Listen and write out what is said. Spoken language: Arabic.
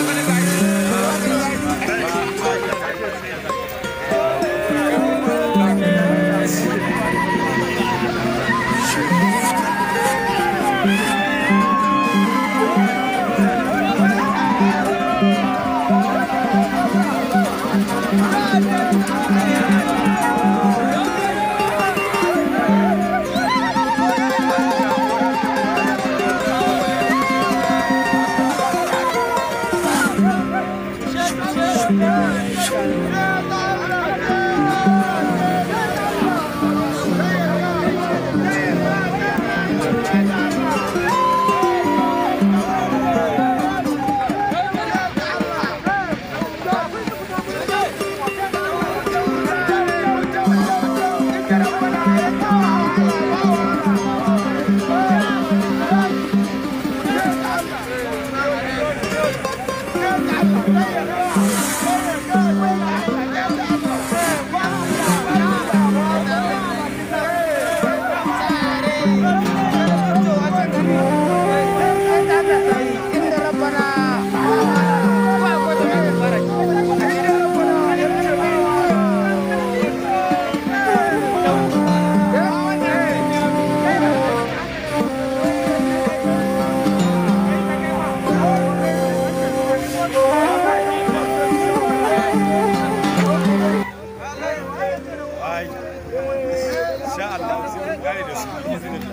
Five minutes. Yeah. kare da su izinin